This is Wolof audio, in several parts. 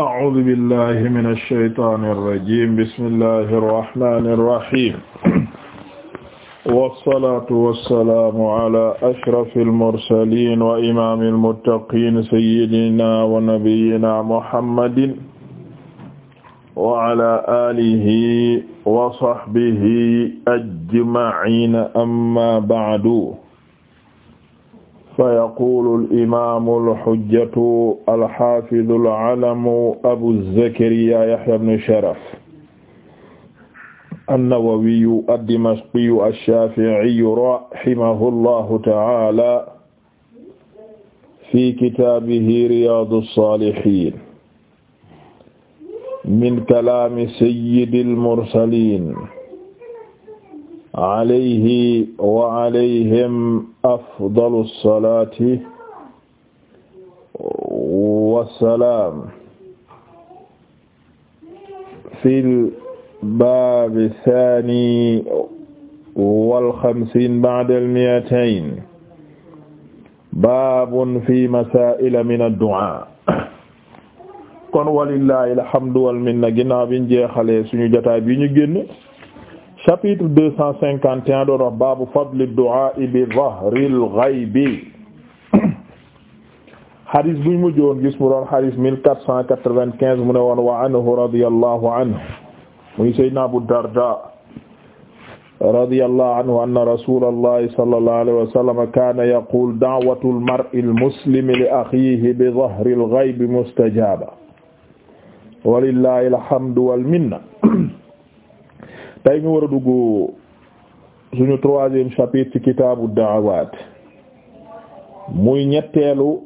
a'uuzu billahi mina shaytaani rajiim bismillahi rahmaani rahiim wasalaatu wasalaamu ala ashrafil mursaliin wa imaamil muttaqiin sayyidinaa wa nabiyyinaa muhammadin wa ala aalihi wa sahbihi ajma'iin amma ba'du فيقول الإمام الحجة الحافظ العلم أبو زكريا يحيى بن شرف النووي الدمشقي الشافعي رحمه الله تعالى في كتابه رياض الصالحين من كلام سيد المرسلين alayhi wa alayhim afdalu salaati wa salaam fil baabi saani wal xamsiin ba'dal mi'atayn baabun fi masaa'ila mina du'aa kon walillaahi alhamdu wal minna ginnaaw biñ jeexalee suñu jotaay bi ñu génn chapitre deux cent cinquante et un doon wax baabu fadli du'a bi zahril ghaybi hadis buñ mujjoon gis mu doon hadis mille quatre cent quatre-vingt-quinze mu ne woon wa anhu radiyallahu anhu muy sayyidina Abu Darda radiyallahu anhu anna rasulallahi sallallahu alayhi wa sallam kana yaqul da'watul mar'il muslimi li akhihi bi zahril ghaybi mustajaba walillahi alhamdu wal minna tey ñu war a dugg suñu troisième chapitre ci kitaabu da'awaat muy ñetteelu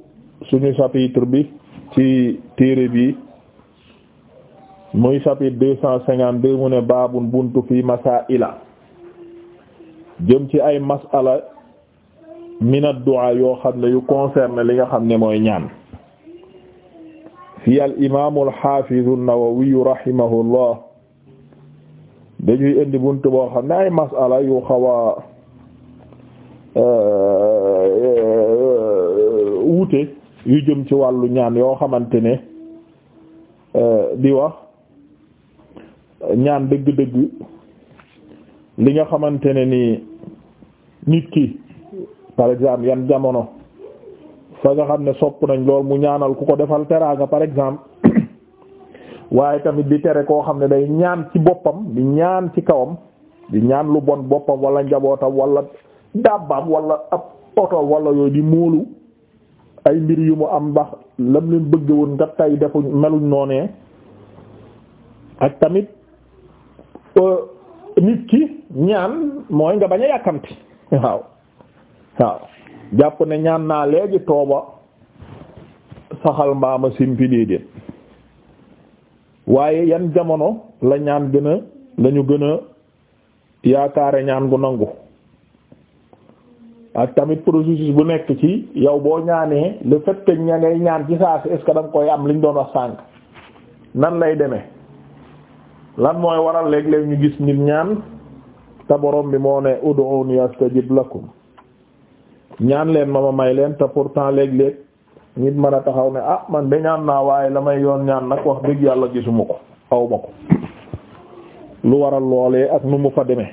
suñu chapitre bi ci téere bi muy chapitre deux cent cinquante deux mu ne baabun buntu fi jëm ci ay masala min ad yoo xam ne yu concerne li nga xam ne mooy ñaan fi al imaamu al-haafiz an-Nawawi rahimahullah dañuy indi bunt boo xam ne ay masala yu xaw a euh, yu jëm ci wàllu ñaan yoo xamante ne euh, di wax ñaan dëgg-dëgg li nga xamante ne ni nit ki par exemple yan jamono fa nga xam ne sopp nañ lool mu ñaanal ku ko defal teraanga par exemple waaye tamit di tere koo xam ne day ñaan ci boppam di ñaan ci kawam di ñaan lu bon boppam walla njabootam walla dàbbaam walla ab oto wala yooyu di móolu ay mbir yu mu am ndax lam leen bëgg woon nga tay defuñ meluñ noonee ak tamit euh, nit ki ñaan mooy nga bañ a yàkkamti waaw waaw jàpp ne ñaan naa léegi tooba saxal mbaama simpi léegi waaye yan jamono la ñaan gën a la gën a yaakaare ñaan bu nangu ak tamit processus bu nekk ci yow boo ñaanee le fait que ña ngay ñaan ci saa si est-ce koy am liñ doon wax sànk nan lay demee lan mooy waral léeg-léeg ñu gis nit ñaan te borom bi moo ne ud'uni astajib lakum ñaan leen ma ma may leen te pourtant léeg-léeg nit mën a taxaw ne ah man de ñaan naa waaye la may yoon ñaan nag wax dëgg yàlla gisuma ko xaw ko lu waral loolee ak nu mu fa demee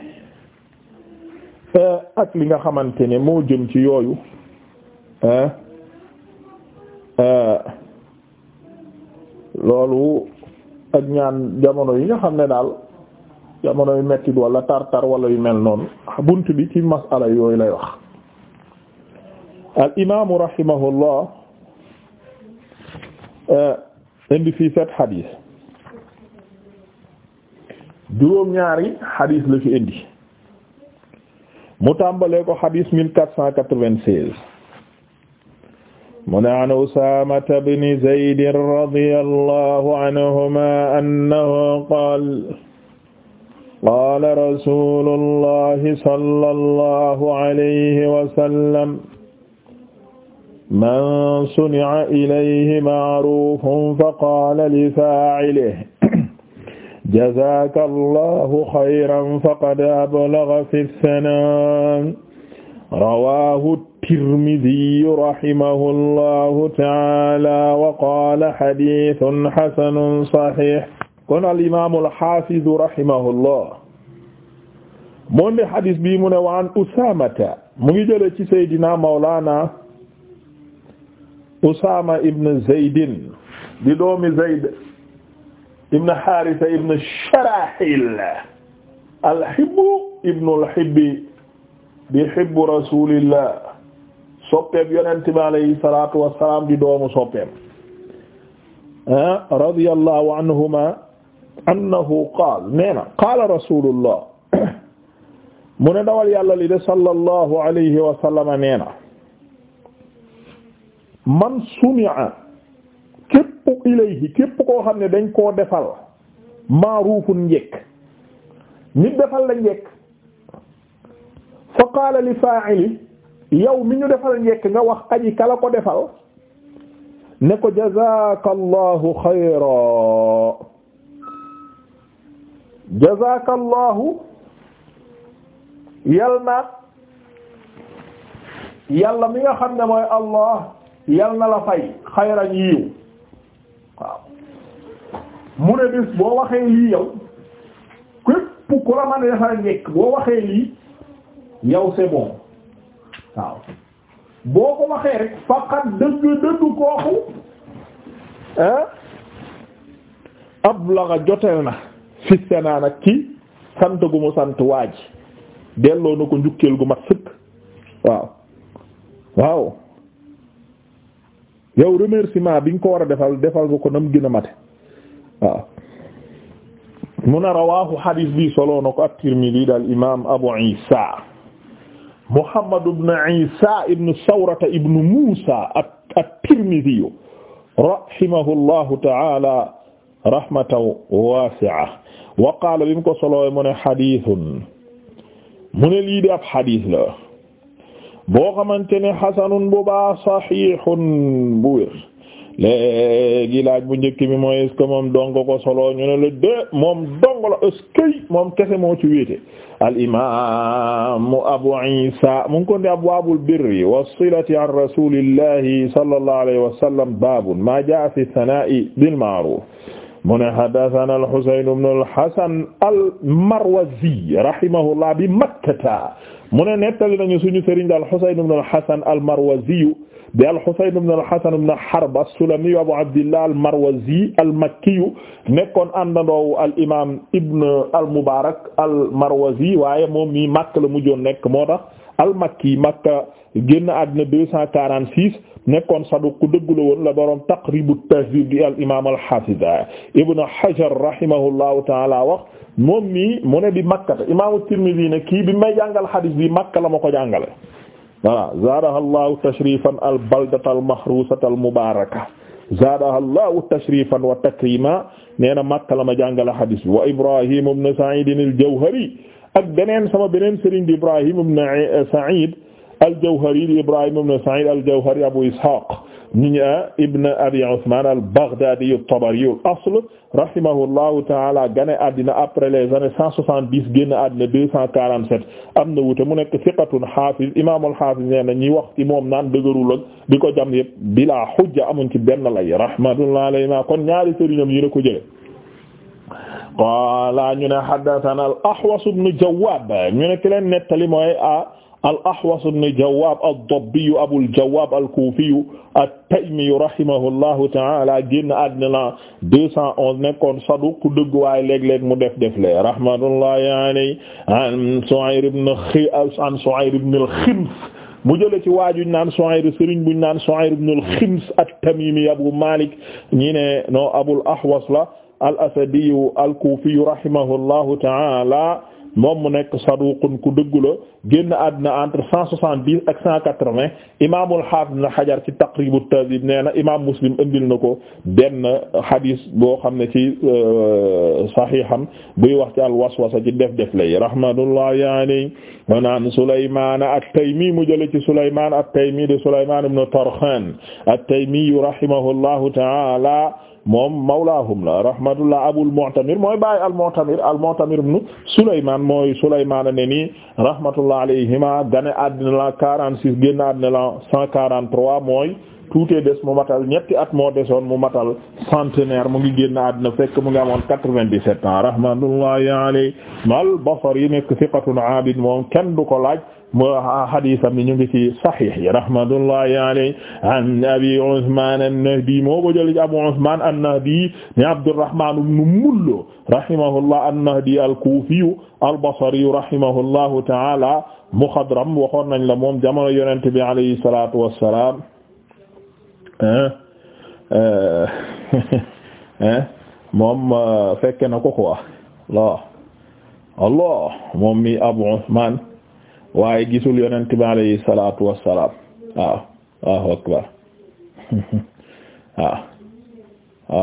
eh, ak li nga xamante ne moo jëm ci yooyu eh, eh, loolu ak ñaan jamono yi nga xam ne daal jamono yu mettit walla tar-tar wala yu mel noonu bunt bi ci masala yooyu lay wax al imaamu rahimahullah Eh, indi fii sept xadiis juróom-ñaari xadiis la fi indi mu tàmbalee ko xadiis mille quatre cent quatre-vingt-seize mu ne an Usaamata bni Zaydin radiyallahu anhumaa annahu qaala qaala rasuulullahi sallallahu alayhi wa sallam man suni'a ilayhi ma'rufun faqaala li faa'ilihi jazaaka allahu xayran faqad ablagha fi sanaa rawaahu tirmidiyu rahimahu allahu taala wa qaala xadiisun xasanun saxiix. kon al imaamul xaafidu rahimahu llah moo ne xadis bii mu ne waan Usaamata mu ngi jëlee ci saydina mawlaana Usaama ibn Zaydin di doomi Zayd ibn Haarisa ibn Sharaahil al-Hibbu ibn al-Hibbi di hibbu Rasuulillah soppeem Yonent bi alayhi salaatu wa salaam di doomu soppeem ah, radiyallahu anhumaa annahu qaala nee na qaala Rasuulullah mu ne dawal yàlla li de sallallahu alayhi wa sallam nee na man suni'a képp ilayhi képp koo xam ne dañ koo defal maaruufun njekk nit defal la njekk fa qaala li fa'ili yow mi ñu defal njekk nga wax aji kala ko defal ne ko jazaka allahu xayra jazaka allahu yal na yàlla mi nga xam ne mooy allah yal na la fay xayran yiiw waaw mu ne bis boo waxee lii yow képp ku la mën a defal njekk boo waxee lii yow c'est waaw boo ko waxee rek faqat dëgg dëgg kooku ah ablaga jotel na fi senaa nag ci sant gu mu sant waaj delloo na ko njukkeel gu mat sëkk waaw waaw yow remerciement bi nga ko war a defal defal ko nam gën a mate waaw mun a rawahu bi soloo na ko at-Tirmidhi daal imam Abu Isa Muhammad ibn Isa ibn Sawrata ibn Musa at-Tirmidhi rahimahullahu ta'ala rahmatan wasi'a wa qala bi mu ko soloo mu ne hadithun lii di ab hadis la boo xamante ne xasanun bu baax saxiixun bu wér léegi laaj bu njëkk bi mooy est-ce que moom dong ko solo ñu ne la de moom dong la est-ce que moom kese moo ci wéete al imaamu abu isa mu ngi ko ndi abwaabul birri wassilati an rasulillahi sallallahu alayhi wa sallam baabun maa jaa fi sanaa'i bil ma'ruuf mu ne haddathana al-Husayn ibn al-Hasan al-Marwazi rahimahullah bi Makkata mu ne nettali nañu suñu sëriñ di al-Husayn ibn al-Hasan al-Marwazi di al-Husayn ibn al-Hasan ibn Harb as-Sulami Abu Abdillah al-Marwazi al-Makki nekkoon àndandoowu al-imaam Ibn al-Mubarak al-Marwazi waaye moom mii Makka la mujjoon nekk moo tax. al-Makki Makka génn àddina deux cent quarante-six nekkoon saduq ku dëggu la woon la boroom Taqribu Tahdhib di al imaam al-Hafiz Ibn Hajar rahimahullahu ta'ala wax moom mii mu ne bi Makka te imaamu Tirmidhi ne kii bi may jàngal xadiis bi Makka la ma ko jàngale voilà zaadaha llahu tashrifan al baldata al mahrusata al mubaraka zaadaha llahu tashrifan wa takrima nee na Makka la ma jàngale xadiis bi wa Ibrahim ibn Sa'id al-Jawhari ak beneen sama beneen sëriñ bi Ibrahim ibn Sa'id al-Jawhari di Ibrahim ibn Sa'id al-Jawhari Abu Ishaq ñi ah, ibn Abi Uthman al-Baghdadi at-Tabari al-asl rahimahullahu ta'ala gane àddina après les années cent soixante-dix génn àddina deux cent quarante-sept am na wute mu nekk thiqatun hafiz imam al-hafiz nee na wax ci moom naan dëgërul ak di ko jam yëpp bila hujja amuñ ci benn lay rahmatullahi alayhi kon ñaari sëriñam yi la ko jële qaala ñu ne haddathana al ahwas ibn jawaab ñu ne ki leen nettali mooy a al ahwas ibn jawaab ad-dabbi abul jawaab al-kufi at-taymi rahimahullahu ta'ala génn àddina la 211 nekkoon saduq dëgg waaye léeg-léeg mu def def le rahmatullahi alayhi an su'ayr ibn an su'ayr ibn al-khims mu jële ci waajuñ naan Su'ayr sëriñ buñ naan Su'ayr ibn al-Khims at-Tamimi Abu Malik ñi ne no Abul Ahwas la al asadiyu al kufiyu rahimahullahu taala moom mu nekk saduqun ku dëggu la génn àddina entre cent soixante dix ak cent quatre vingt imaamul haafid na xajar ci taqribu tahdib nee na imaam muslim indil na ko benn hadis boo xam ne ci euh, saxiixam buy wax ci alwaswasa ci def def lay rahmatullahi alayhi wa naan Souleymane at-Taymi mu jëlee ci Souleymane at-Taymi de Souleymane ibn Tarkhan at-Taymi rahimahullahu ta'ala moom mawlaahum la rahmatullah abul mu'tamir mooy bàyyi al mu'tamir al mu'tamir ibn sulayman mooy sulayman ne nii rahmatullah alayhima gane àddina la 46 génn àddina la 143 mooy tuutee des mu matal ñetti at moo desoon mu matal centenaire mo gi génn àddina fekk mu ngi amoon 97 ans rahmatullahi alayhi al basri nekk thiqatun abid moom kenn du ko laaj ma hadiisam ni ñu ngi ci saxiix yi rahmatullahi alayhi an abi Usmaan an-Nahdi moo ko jël ci Abu Usmaan an-Nahdi ni Abdurrahmaan ibn Mullo rahimahullah an-Nahdi al-Kuufi al-Basri rahimahullahu ta'ala muxadram waxoon nañ la moom jamono Yonent bi alayhi salaatu wa salaam moom fekke na ko quoi Allah Allah moom mi Abu Usmaan waaye gisul yonent bi alayhi salaatu wassalaam waaw waaw akbar waaw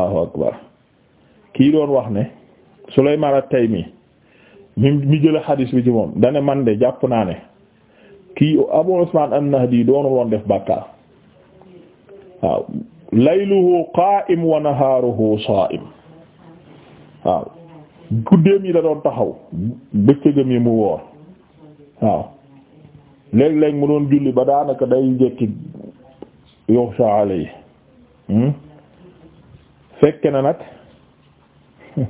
waaw akbar kii doon wax ne Sulaymaan at-Taymi mi mi jële xadiis bi ci moom dane man de jàpp naa ne kii Abu Usmaan an-Nahdi doonul woon def bàkkaar waaw layluhu qaa'im wa nahaaruhu saa'im waaw guddeem yi la doon taxaw bëccëgam yi mu woor waaw léeg-léeg mu doon julli ba daanaka day jekki yow saa yi hmm? fekk na nag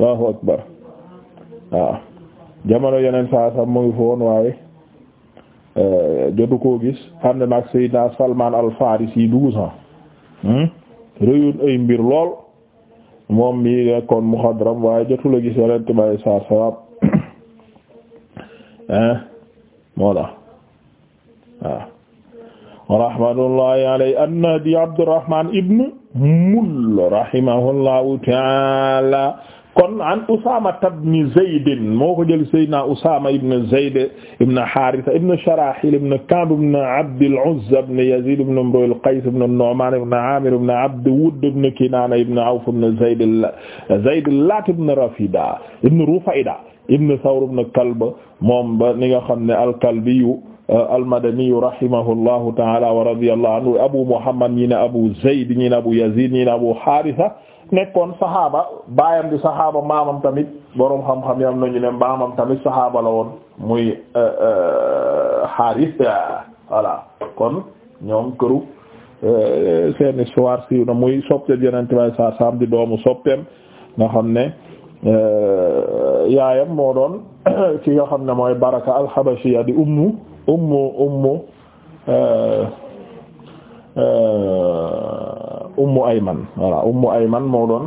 Allahu akbar jamono yeneen saa sax mu ngi foon waaye eh, jotu koo gis ànd nag Seydina Salman al-Farisi douze ans hmm? réyoon ay mbir lool moom mi nekkoon muxadram waaye jotu la gis yeneen tubaab yi saa moo la waaw rahmatullahi alayhi an-Nahdi Abdurrahman ibn Mull rahimahullahu ta'ala kon an Usaama ibn Zayd moo ko jël Seydina Usaama ibn Zayd ibn Haarisa ibn Sharaahil ibn Ka'b ibn Abd al-Uzza ibn Yaziid ibn Imru' al-Qays ibn Nu'maan ibn Aamir ibn Abd Wudd ibn Kinaana ibn Awf ibn Zayd Zayd al-Laat ibn Rafida ibn Rufayda ibn Thawr ibn Kalb moom ba ni nga xam ne al-Kalbiyu euh, al-Madaniyu rahimahullahu ta'ala wa radiyallahu anhu Abu Muhammad ñi ne Abu Zayd ñi Abu Yazid ñi Abu Haritha nekkoon saxaaba baayam di saxaaba maamam tamit boroom xam-xam yam nañu ne maamam tamit saxaaba la woon muy euh, euh, Haritha voilà kon ñoom këru seen histoire siiw na muy soppe Yonent bi sallallahu alayhi di doomu soppeem nga xam ne Euh, yaayam moo doon ki nga xam ne mooy baraka alxabashiya di ummu ummu ummu euh, euh, ummu ayman voilà ummu ayman moo doon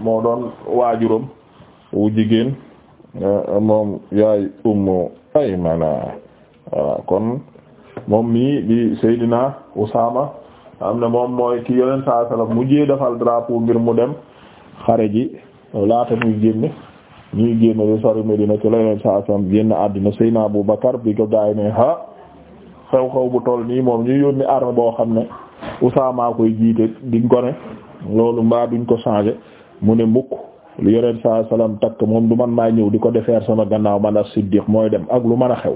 moo doon waajuram jigéen moom yaay ummu aymana voilà kon moom mii di Seydina Usaama am na moom mooy ki yoneen saa sallam mujjee defal drapeau mu dem xare ji laata muy génn ñuy génn di sori Medina ci la yeneen saa sam génn àddina Seyna Abu Bakar bi ko gaay ne ha xew xew bu toll nii moom ñu yónni arme boo xam ne Usaama koy jiite diñ ko ne loolu mbaa duñ ko changé mu ne mukk lu yeneen saa salaam takk moom du man maa ñëw di ko defeer sama gannaaw man a Siddiq mooy dem ak lu mën a xew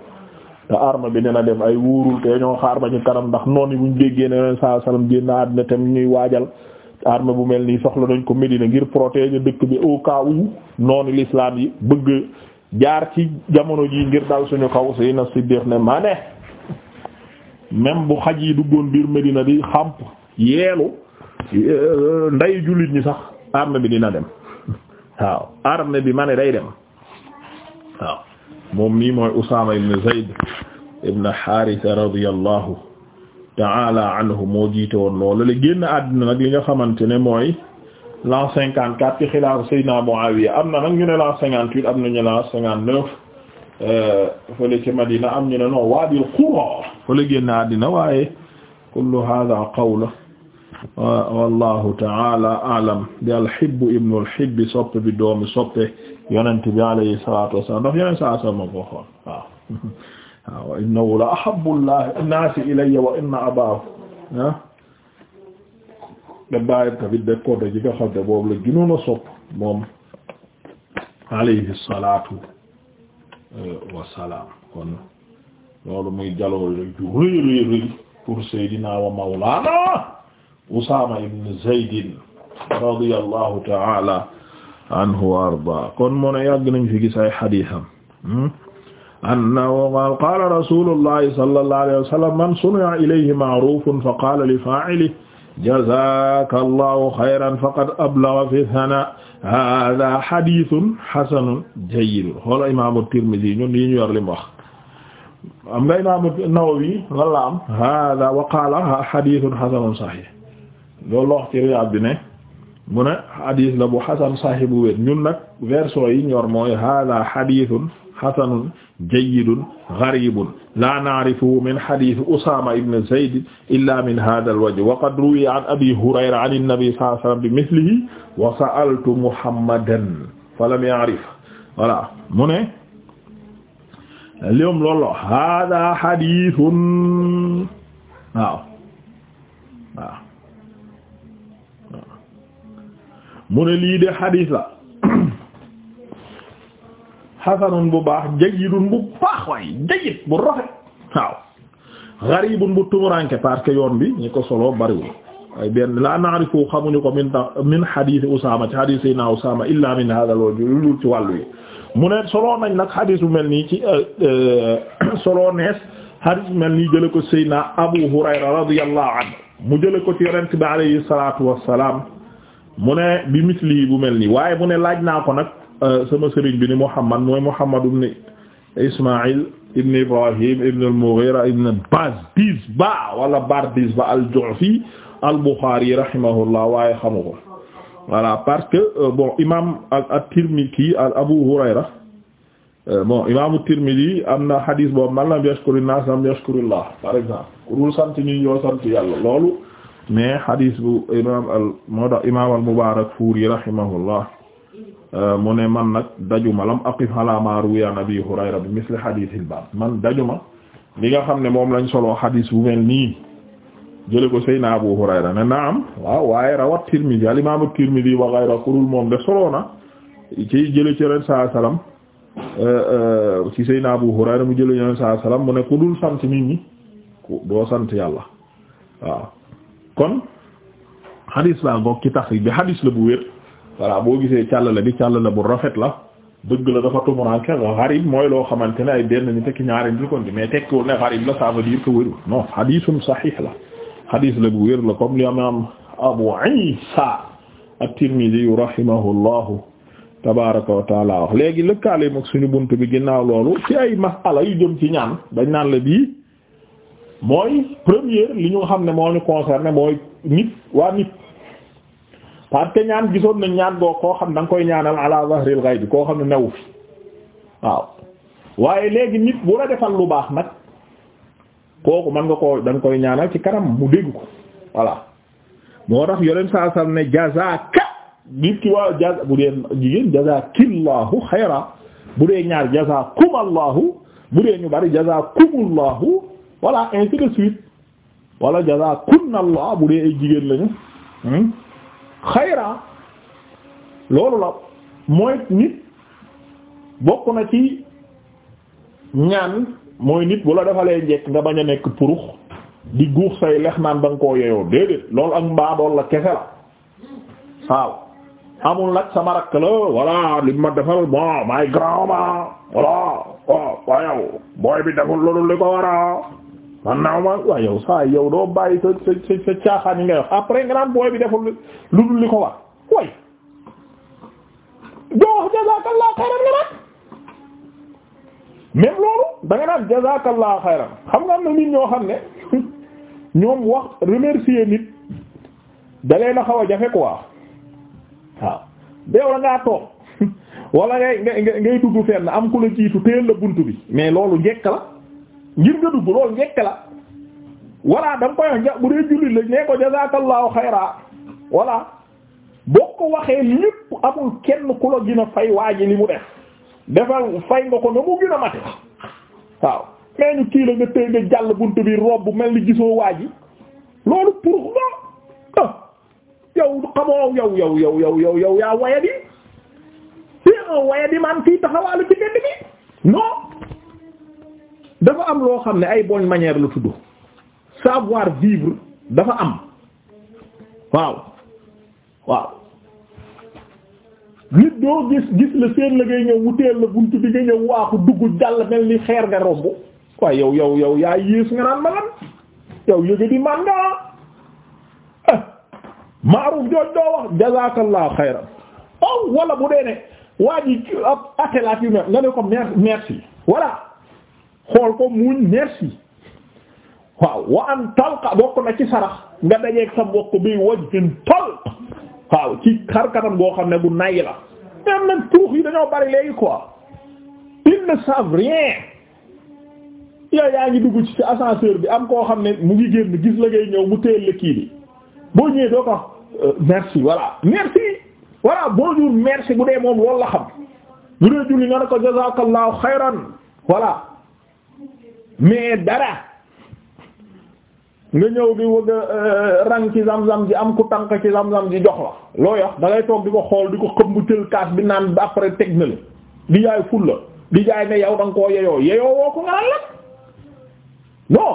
te arme bi a dem ay wuurul te ñoo xaar ma ci kanam ndax noon yi buñ déggee ne yeneen saa salaam génn armée bu mel nii soxla dañ ko Médina ngir protéger dëkk bi au cas où noonu l'islam yi bëgg jaar ci jamono ji ngir dal suñu kaw Seydina Siddiq ne mane ne bu xaj yi duggoon biir Médina di xàmp yeelu euh, nday jullit ñi sax armée bi dina dem waaw armée bi ma day dem waaw moom nii mooy Usaama ibn Zayd ibn Haarisa radiyallahu taala anhu moo jiite woon loolu la génn àddina nag li nga xamante ne mooy l'an cinquante quatre ci xilaafu Seydina Muawiya am na nag ñu ne l'an cinquante huit am na ñu l'an cinquante neuf euh, fële ci Madina am ñu ne non Waadil Qura fa la génn àddina waaye kullu hada qawla wallahu taala alam di alhibbu ibnu alhibbi soppe bi doomi soppe yonent bi alayhi salatu wasalam ndax yonent saa sallam ko xool waaw waaw innahu la ahabbullahi naasi ilayya wa inna abaahu ah da bàyyi tamit de kodda ji nga xam ne boobu la gënoon a sopp moom alayhi salaatu euh, wassalaam kon loolu muy jalool rek ju rëy rëy rëy pour Seydina wa Mawlaana Usaama ibn Zayd radiyallahu ta'ala anhu wa ardaa kon moo ne yàgg nañ fi gis ay xadiisam hmm? annahu qaala qaala rasuulullahi sallallahu alayhi wa sallam man suni'a ilayhi ma'ruufun fa qaala li faa'ilihi jazaakallaahu xayran faqad ablagha fi sanaa haadaa hadiisun hasanun jayyid xoolal imaamu Tirmidi ñun lii ñu yor lim wax. am nga imaamu Nawawi lan la am haadaa wa qaala hadiisun hasanun sahiih loolu la wax ci Riyaad bi ne mu ne hadiis la bu hasan sahiih bu wér ñun nag version yi ñor mooy haadaa hadiisun hasanun jayyidun gharibun la na'rifuhu min hadith Usama ibn Zayd illa min hadha al-wajh wa qad ruwiya an Abi Hurayra an an-nabi sallallahu alayhi wa sallam bimithlihi wa sa'altu Muhammadan falam ya'rif voilà mu ne léom loolu hada hadithun waaw waaw mu ne lii de hadith la xasanun bu baax jayyidun bu baax waaye jayyid bu rafet waaw gharibun bu tumuranke parce que yoon bi ñi ko solo bariwul waaye benn la na'rifu xamuñu ko min ta min hadith Usaama ci hadith sayna Usaama illa min hada loolu lul ci wàllu yi mu ne solo nañ nag hadith bu mel nii ci euh, euh, solo nees hadith bu mel nii jële ko sayna Abu Hurayra radiyallahu anhu mu jële ko ci yonent bi alayhi salatu wassalam mu ne bi misli bu mel nii waaye mu ne laaj naa ko nag Euh, sama sëriñ bi ni Muhammad mooy Muhammad ibn Ismaïl ibn Ibrahim ibn al-Mughira ibn Bardizbah wala al-Ju'fi al-Bukhari rahimahullah waaye xamu ko voilà parce que euh, bon imam at-Tirmidhi Abu Hurayra euh, bon imam at-Tirmidhi am na hadis boobu man lam yashkuru an-nas lam yashkurullah par exemple kurul sant ñi yoo sant yàlla loolu mais hadis bu imam al moo tax imam al Euh, mu ne man nag dajuma lam aqif ala ma ruwiya an abi hurayra bi misli hadithil bab man dajuma li nga xam ne moom lañ soloo hadith bu mel nii jële ko sayna abu hurayra ne naam waaw waaye rawat tirmidhi al imam tirmidhi wa ghayra kurul moom de soloo na ci jële ci ren saa salaam ci sayna abu hurayra mu jële ren saa salaam mu ne ku dul sant nit ñi ku doo sant yàlla waaw kon hadith la gog ci tax bi hadith la bu wér voilà boo gisee càllale bi càllale bu rafet la dëgg la dafa tumuranke xarib mooy loo xamante ne ay benn ni tekki ñaari nit kon di mais tekkiwul ne xarib la ça veut dire que wérul non xadiisum saxiix la xadiis la bu wér la comme li imaam Abu Isa at-Tirmidhi rahimahullahu tabaraka wa taala wax léegi lëkkaale mag suñu bunt bi ginnaaw loolu ci ay masala yu jëm ci ñaan dañ naan la bii mooy première li ñu xam ne moo ñu concerné mooy nit waa nit parce que ñaan gisoon nañ ñaan goo koo xam da nga koy ñaanal ala zahril bi koo xam ne newu fi waaw waaye léegi nit bu la defal lu baax nag kooku mën nga koo da koy ñaanal ci kanam mu dégg ko voilà moo tax yoleen saa sal ne jazaka nit bu dee jigéen jazakillahu xayra bu dee ñaar bu dee ñu bari jazakumullahu voilà ainsi de suite wala jazakunallah bu dee ay jigéen lañu hmm? xayra loolu la mooy nit bokk na ci ñaan mooy nit bu la defalee njekk nga bañ a nekk purux di guux say lex naan da nga koo yeyoo déedéet loolu ak mbaa dool la kese la waaw amul nag sama rakk la voilà li ma defal bon maay grand ma voilà waaw waaye bi deful loolu li ko war man naa ma waaye yow saa yow doo bàyyi sa sa sa caaxaan yi nga wax après nga naan booy bi deful lu dul li ko war way doo wax jazakallahu xayran nga naan même loolu da nga naan jazakallahu xayran xam nga am na nit ñoo xam ne ñoom wax remercier nit da leen xaw a jafe quoi waaw yow da ngaa toog wala ngay ngay ngay dugg fenn am ku la jiitu téel la bunt bi mais loolu njekk la. ngir nga dugg loolu njëkk la voilà da nga koy wax bu dee jullit la nee ko jazakallahu xayra voilà boo ko waxee lépp amul kenn ku la gën a fay waa ji li mu def defal fay nga ko na mu gën a mate waaw mais ñu kii la nga tëy nga jàll buntu bi robb mel ni gisoo waa ji loolu pour nga ah. yow yow yow yow yow yaa waya di c'est un waya di fii taxawaalu ci benn bi non dafa am loo xam ne ay bonne manière la tudd savoir vivre dafa am waaw waaw nit doo gis gis la seen la ngay ñëw wuteel la bunt bi nga ñëw waaxu dugg jàll mel ni xeer nga romb waaye yow yow yow yaa yées nga naan ma lan yow yëga di man nga eh, maaruf jooj doo wax jazakallahu xayran oh wala bu dee ne waa atelaat yu mel nga ne ko merci merci voilà xool ko muñ merci waaw wa an talqa bokk na ci sarax nga dajeeg sa bokk bi wajhin talq waaw ci xar kanam goo xam ne bu nay la même nag tuux yi dañoo bari léegi quoi ils ne savent rien yow yaa ngi dugg ci ascenseur bi am koo xam ne mu ngi génn gis la ngay ñëw mu teel la kii bi boo ñëwee doo ko euh, merci voilà merci boo bonjour merci bu dee moom loolu la xam bu dee julli nga ne ko jazakallahu xayran voilà mais dara nga ñëw di wëgg euh, rang ci zam-zam ji am ku tànk ci zam-zam ji jox la loo yox da toog di ko xool di ko xëm bu tël kaas bi naan ba après teg na di jaay ful la di jaay ne yow da nga koo yeyoo yeyoo woo ko nga la non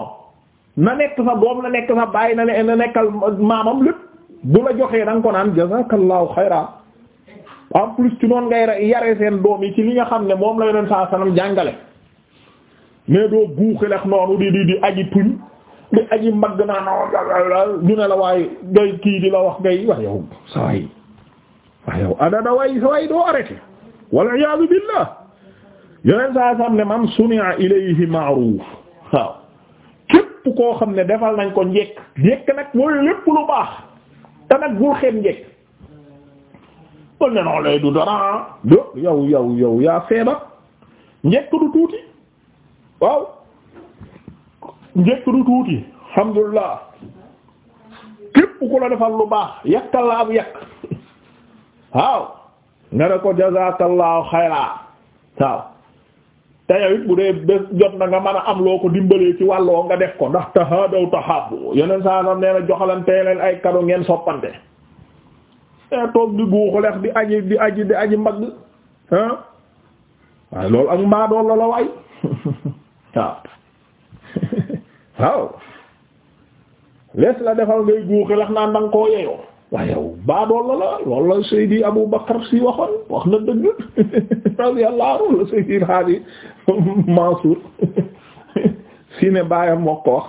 na nekk sa doom na nekk sa bàyyi na ne na nekkal maamam lépp bu la joxee da ko naan jazakallahu xayra en plus ci noonu ngay yare seen doom yi ci li nga xam ne moom la yeneen saa sanam jàngale mais doo guuxilex noonu di di di aji tuñ di aji mbagg naa no ñu ne la waaye ngay kii di la wax ngay wax yow sa waay waaw adada waay sa doo arrêté wal iyaadu billah yeneen saa sam ne man suni'a ilayhi ma'ruf waaw képp koo xam ne defal nañ ko njekk njekk nag mooy lépp lu baax te nag bul njekk kon ne noonu lay du dara do yow yow yow yaa feebar njekk du tuuti waaw njëkk du tuuti alhamdulillah képp ku la defal lu baax yàkkal la ab yàkk waaw nga ne ko jazakallahu xayraa waaw te bu dee bés jot na nga mën a am loo ko dimbalee ci wàlloo nga def ko ndax tahaadaw tahaabbu yeneen saa sam nee na joxalantee leen ay kado ngeen soppante te eh, toog di guuxu lex di aji di aji di aji mbagg waaye loolu ak mbaadool la la waay waaw waaw lees la defal ngay guuxi lax naan danga koo yeyoo waaye yow baadool la la loolu la Seydi Abu Bakar si waxoon wax na dëgg radiyallahu anhu la Seydi Hadi Mansour si ne baayam moo ko wax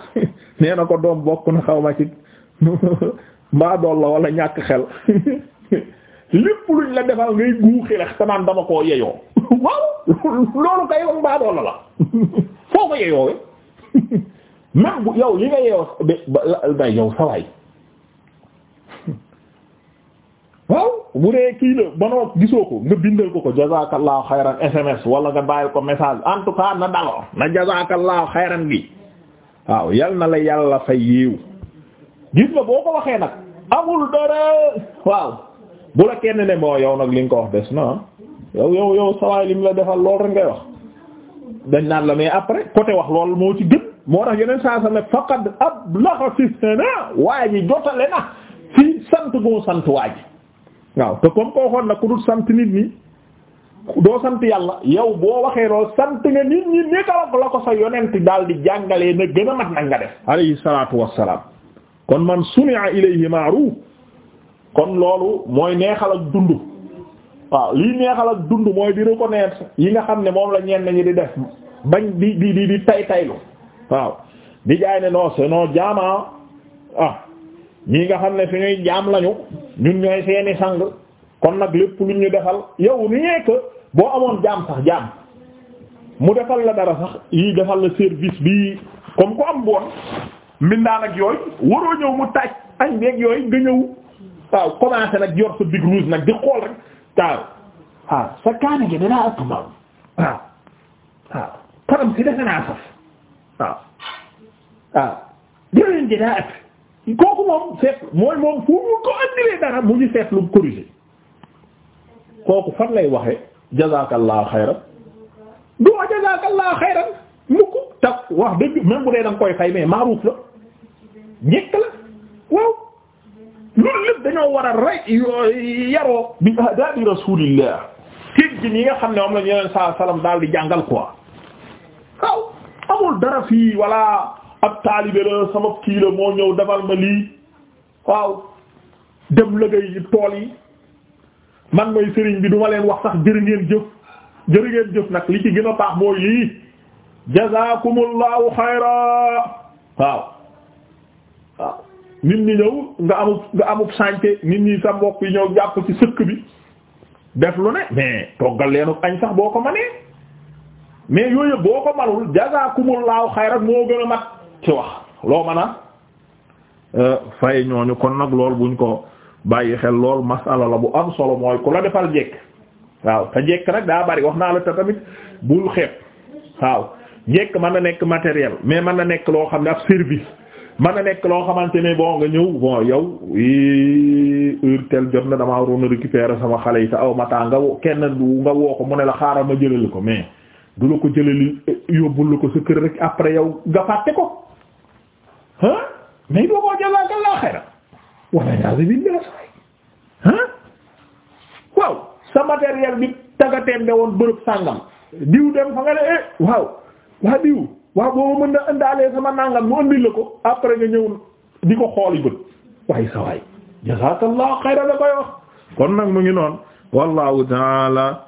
nee na ko doom bokk na xaw ma ci baadool la wala ñàkk xel lépp luñ la defal ngay guuxi lax te naan dama koo yeyoo waaw loolu kay wax baadool la la foo ko yeyoowee même bu yow li nga yeewoo ba yow sawaay waaw bu dee kii la banoo gisoo ko nga bindal ko ko jazakallahu xayran SMS wala nga bàyyil ko message en tout cas na daloo na jazakallahu xayran bi waaw yal na la yàlla fay yiiw gis nga boo ko waxee nag amul dara waaw bu la kenn ne moo yow nag li nga ko wax des na yow yow yow sawaay lim la defal lool rek ngay wax dañ naan la mais après côté wax loolu moo ci gën moo tax yeneen saa sa ne faqad ablagha fi sana waa ji jotale na fi sant goo sant waa ji waaw te comme ko waxoon nag ku dul sant nit ñi doo sant yàlla yow boo waxee lool sant nga nit ñi ni ko la ko sa yonent daal di jàngalee na gën a mat nag nga def alayhi salaatu wassalaam kon man suni'a ilayhi ma'ruf kon loolu mooy neexal ak dund waaw lii neexal ak dund mooy di reconnaître yi nga xam ne moom la ñenn ñi di def bañ di di di di tay taylu waaw di jaay ne non c'est non jaamaa ah. ah ñii nga xam ne fi ñuy jaam lañu ñun ñooy seeni sang kon nag lépp lu ñu defal yow ni que boo amoon jaam sax jaam mu defal la dara sax yi defal la service bi comme ku am boon mbindaan ak yooyu waroo ñëw mu taaj añ beeg yooyu nga ñëw waaw commencé nag yor sa big rouge nag di xool rek taaru waaw sa kaani gi danaa ëpp waaw waaw kanam si defe saf waaw waaw jërëjëf dinaa ëpp kooku moom seet mooy moom fu mu ko andilee dara mu ngi seet lu mu corrigé kooku fan lay waxee jazakallahu xayran du wa jazakallahu xayran mukk tax wax dëgg même dee da koy fay mais maaruuf la njëkk la. dañoo war a rey yaroo bi hadabi rasulillah teggin yi nga xam ne moom la ñu yeneen saa salaam daal di jàngal ko waaw amul dara fii wala ab taalibe la sama kii moo ñëw defal ma lii waaw dem lëgëy tool yi man mooy sëriñ bi duma leen wax sax jërë ngeen jëf jërë jëf nag li ci gën a baax mooy lii jazaakumullahu xayra waaw waaw nit ñi ñëw nga amub nga amub santé nit ñi sa mbokk yi ñëw jàpp ci sëkk bi def lu ne mais toggal leenu añ sax boo ko manee mais yooyu boo ko manul jazaakumullahu xayran moo gën a mat ci wax loo mën a euh, fay ñooñu kon nag lool buñ ko bàyyi xel lool masala la bu am solo mooy ku la defal jekk waaw te jekk nag daa bari wax naa la te tamit bul xeeb waaw jekk mën na nekk matériel mais man na nekk loo xam ne ab service man a nekk loo xamante ne bon nga ñëw bon yow heure tel jot na damaa waroon a récupérer sama xale yi te aw mataa nga kenn nga woo mu ne la xaaral ma jëlali ko mais du la ko jëlali yóbbul la ko sa kër rek après yow nga fàtte ko ah waaw sa matériel bi taggateem ne woon bërëb sàngam diw dem fa nga ne eh waaw waa diw. waaw boobu mën na indaalee sama nangam mu andil la ko après nga ñëw di ko xooli bët waaye sa waay jazaakallahu xayran la koy kon nag mu ngi noonu wallahu taala